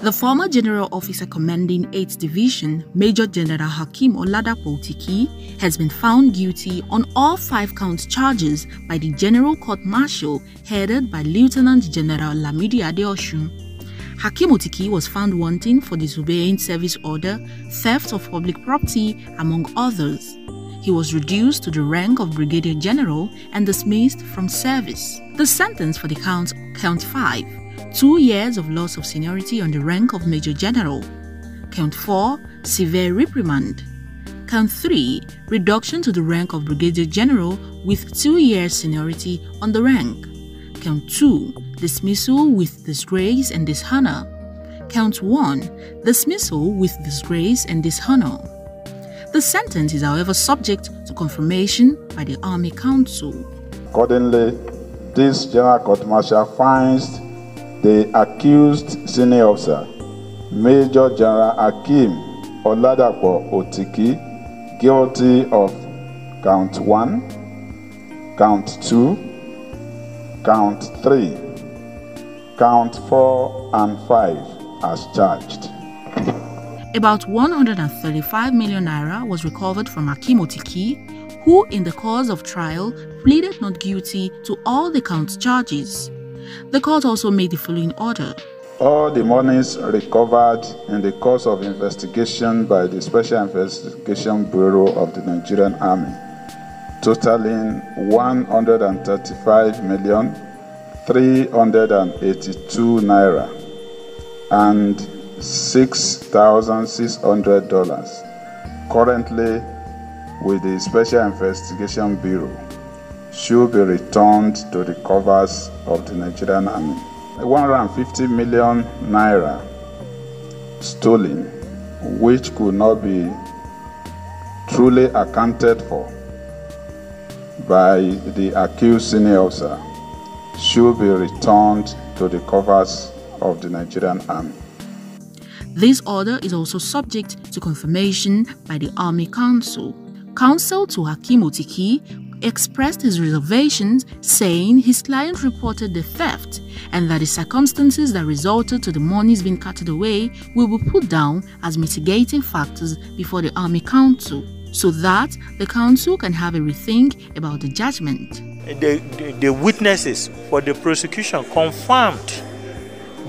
The former General Officer Commanding 8th Division, Major General Hakim Oladapo Tiki, has been found guilty on all five count charges by the General Court Martial headed by Lieutenant General Lamidi Adeoshun. Hakim Otiki was found wanting for disobeying service order, theft of public property, among others. He was reduced to the rank of brigadier general and dismissed from service. The sentence for the count count 5, 2 years of loss of seniority on the rank of major general. Count 4, severe reprimand. Count 3, reduction to the rank of brigadier general with 2 years seniority on the rank. Count 2, dismissal with disgrace and dishonor. Count 1, dismissal with disgrace and dishonor. The sentence is, however, subject to confirmation by the Army Council. Accordingly, this general court martial finds the accused senior officer, Major General Akim Oladapo Otiki, guilty of count 1, count 2, count 3, count 4, and 5 as charged. About 135 million naira was recovered from Akimotiki, who in the course of trial pleaded not guilty to all the count charges. The court also made the following order. All the monies recovered in the course of investigation by the Special Investigation Bureau of the Nigerian Army, totaling 135 million 382 naira and $6,600 currently with the Special Investigation Bureau should be returned to the covers of the Nigerian army. 150 million naira stolen, which could not be truly accounted for by the accused senior officer, should be returned to the covers of the Nigerian army. This order is also subject to confirmation by the Army Council. Counsel to Hakim Otiki expressed his reservations, saying his client reported the theft and that the circumstances that resulted to the monies being carted away will be put down as mitigating factors before the Army Council so that the council can have a rethink about the judgment. The, the, the witnesses for the prosecution confirmed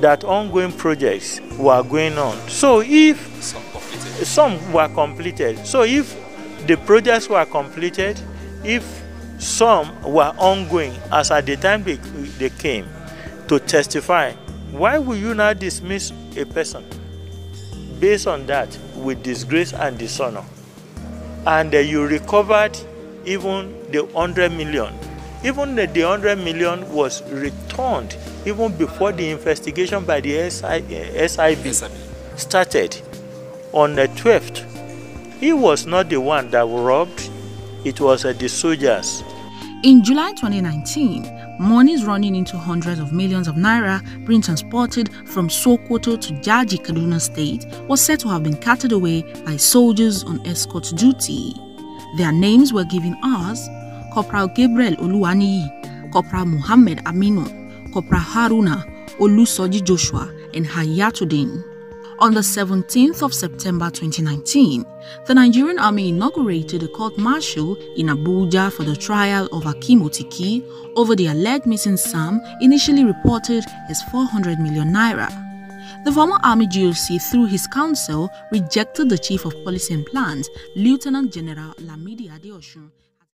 that ongoing projects were going on. So if some, some were completed, so if the projects were completed, if some were ongoing as at the time they, they came to testify, why will you now dismiss a person? Based on that, with disgrace and dishonor. And uh, you recovered even the 100 million even the, the 100 million was returned even before the investigation by the SI, SIB, started on the 12th. He was not the one that robbed, it was uh, the soldiers. In July 2019, monies running into hundreds of millions of naira being transported from Sokoto to Jaji, Kaduna State, was said to have been carted away by soldiers on escort duty. Their names were given as Corporal Gabriel Oluwaniyi, Corporal Muhammad Aminu, Corporal Haruna Olusoji Joshua, and Hayatuddin. On the 17th of September 2019, the Nigerian Army inaugurated a court-martial in Abuja for the trial of Akim Otiki over the alleged missing sum initially reported as 400 million naira. The former Army GOC, through his counsel, rejected the Chief of Police and Plans, Lieutenant General Lamidi Adeosun.